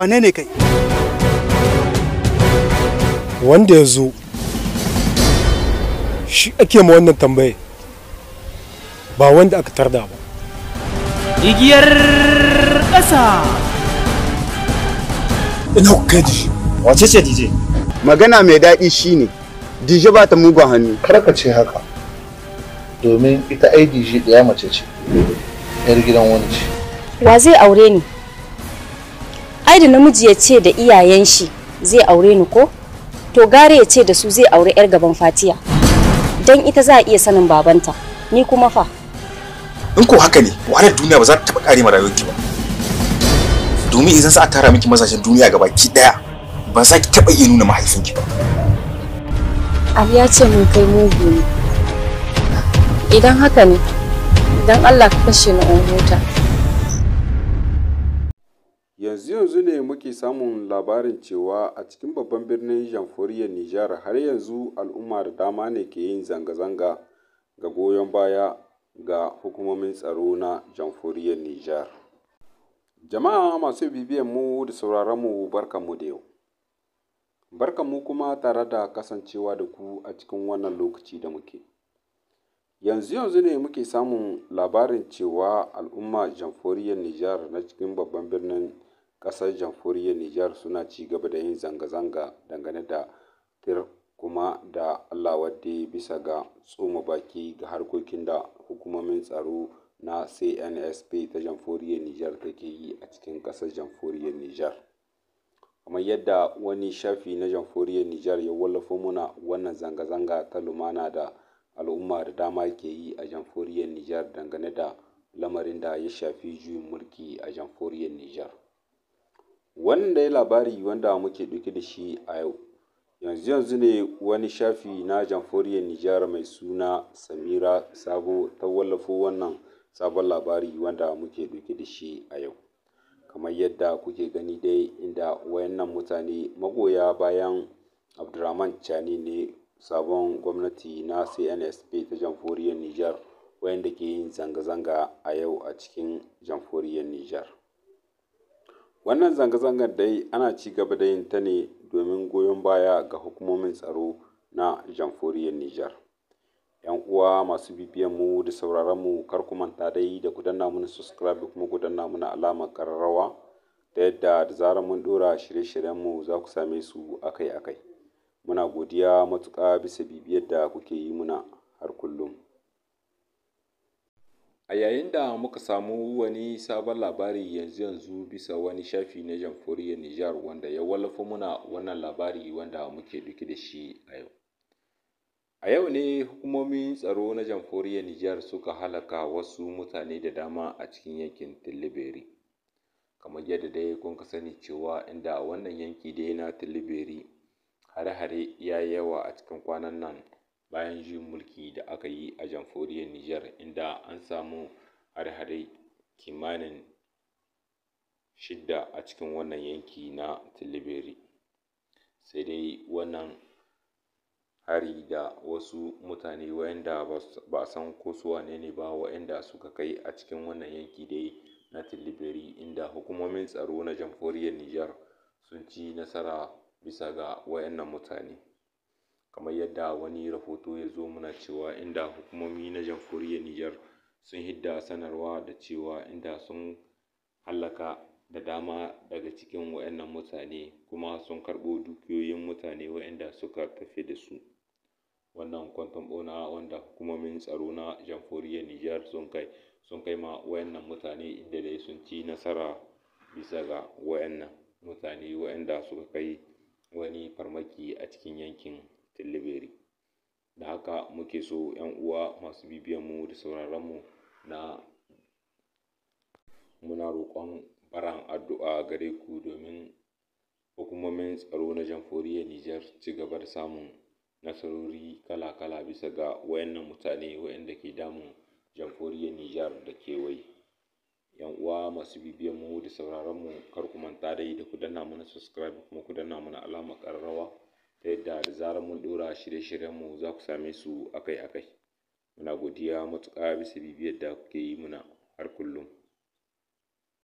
wane ne kai wanda ya zo shi ake ma wannan tambaye ba wanda aka tarda ba igiyar ƙasa ina kuka ji wace ce dj magana mai daɗi shine dj ba ta mugun hannu Kar ka ce haka domin ita ai dije ɗaya mace ce yar gidan wani ce wa zai aure ni ai da namiji ya ce da iyayen shi zai aure ni ko to gare ya ce da su zai aure yar gaban fatiya dan ita za a iya sanin babanta ni kuma fa in ko haka ne wani duniya ba za ta taɓa ƙare ma rayuwarki ba domin idan za a tara miki mazajen duniya gaba ki daya ba za ki taɓa iya nuna mahaifinki ba Ali ya ce mun kai mugu ne idan haka ne dan Allah ka kashe ni in huta yanzu yanzu ne muke samun labarin cewa a cikin babban birnin jamhuriyar Nijar har yanzu al'umma da dama ne ke yin zanga-zanga ga goyon baya ga hukumomin tsaro na jamhuriyar Nijar. Jama'a masu bibiyan mu da sauraron mu mu da yau. mu kuma tare da kasancewa da ku a cikin wannan lokaci da muke. yanzu yanzu ne muke samun labarin cewa al'umma jamhuriyar Nijar na cikin babban birnin ƙasar jamhuriyar Nijar suna ci gaba da yin zanga-zanga dangane da tir kuma da allawadde bisa ga tsoma baki ga harkokin da hukumomin tsaro na CNSP ta jamhuriyar Nijar take yi a cikin ƙasar jamhuriyar Nijar. Kamar yadda wani shafi na jamhuriyar Nijar ya wallafa muna wannan zanga-zanga ta lumana da al'umma da dama ke yi a jamhuriyar Nijar dangane da lamarin da ya shafi juyin mulki a jamhuriyar Nijar. Wannan dai labari wanda muke ɗauke da shi a yau, yanzu yanzu ne wani shafi na jamhuriyar Nijar mai suna Samira Sabo ta wallafo wannan sabon labari wanda muke ɗauke da shi a yau. Kamar yadda kuke gani dai inda wayannan mutane magoya bayan Abdurrahman Chani ne sabon gwamnati na CNSP ta jamhuriyar Nijar wayanda ke yin zanga-zanga a yau a cikin jamhuriyar Nijar. Wannan zanga-zangar dai ana ci gaba da yin ta ne domin goyon baya ga hukumomin tsaro na jamhuriyar Nijar. 'Yan uwa masu mu da sauraron mu kar ku manta dai da ku danna mana subscribe kuma ku danna mana alamar ƙararrawa ta yadda da zarar mun ɗora shirye-shiryenmu za ku same su akai-akai. Muna godiya matuƙa bisa bibiyar da kuke yi muna har kullum. A yayin da muka samu wani sabon labari yanzu-yanzu bisa wani shafi na Jamhuriyar Nijar wanda ya wallafa muna wannan labari wanda muke duki da shi a yau. A yau ne hukumomin tsaro na Jamhuriyar Nijar suka halaka wasu mutane da dama a cikin yankin Tilibiri. Kamar yadda dai kuka sani cewa inda wannan yanki dai na Tilibiri hare-hare ya yi yawa a cikin kwanan nan. bayan juyin mulki da aka yi a jamhuriyar Nijar inda an samu hare-hare kimanin shidda a cikin wannan yanki na Tilibiri. Sai dai wannan hari da wasu mutane waɗanda ba a san ko su wane ne ba wayanda suka kai a cikin wannan yanki dai na Tilibiri inda hukumomin tsaro na jamhuriyar Nijar sun ci nasara bisa ga wayannan mutane. kamar yadda wani rahoto ya zo muna cewa inda hukumomi na jamhuriyar Nijar sun hidda sanarwa da cewa inda sun hallaka da dama daga cikin waɗannan mutane kuma sun karɓo dukiyoyin mutane waɗanda suka tafi da su wannan kwanton wanda hukumomin tsaro na jamhuriyar Nijar sun kai sun kai ma waɗannan mutane inda dai sun ci nasara bisa ga waɗannan mutane waɗanda suka kai wani farmaki a cikin yankin delivery Da haka muke so 'yan uwa masu bibiyan mu da sauraron mu na muna roƙon baran addu'a gare ku domin hukumomin tsaro na jamhuriyar Nijar su ci gaba da samun nasarori kala-kala bisa ga waɗannan mutane waɗanda ke damun jamhuriyar Nijar da kewaye. 'Yan uwa masu bibiyan mu da sauraron mu kar ku manta dai da ku danna mana subscribe kuma ku danna mana alamar ƙararrawa. ta yadda da zarar mun ɗora shirye-shiryenmu za ku same su akai-akai. Muna godiya matuƙa bisa bibiyar da kuke yi muna har kullum.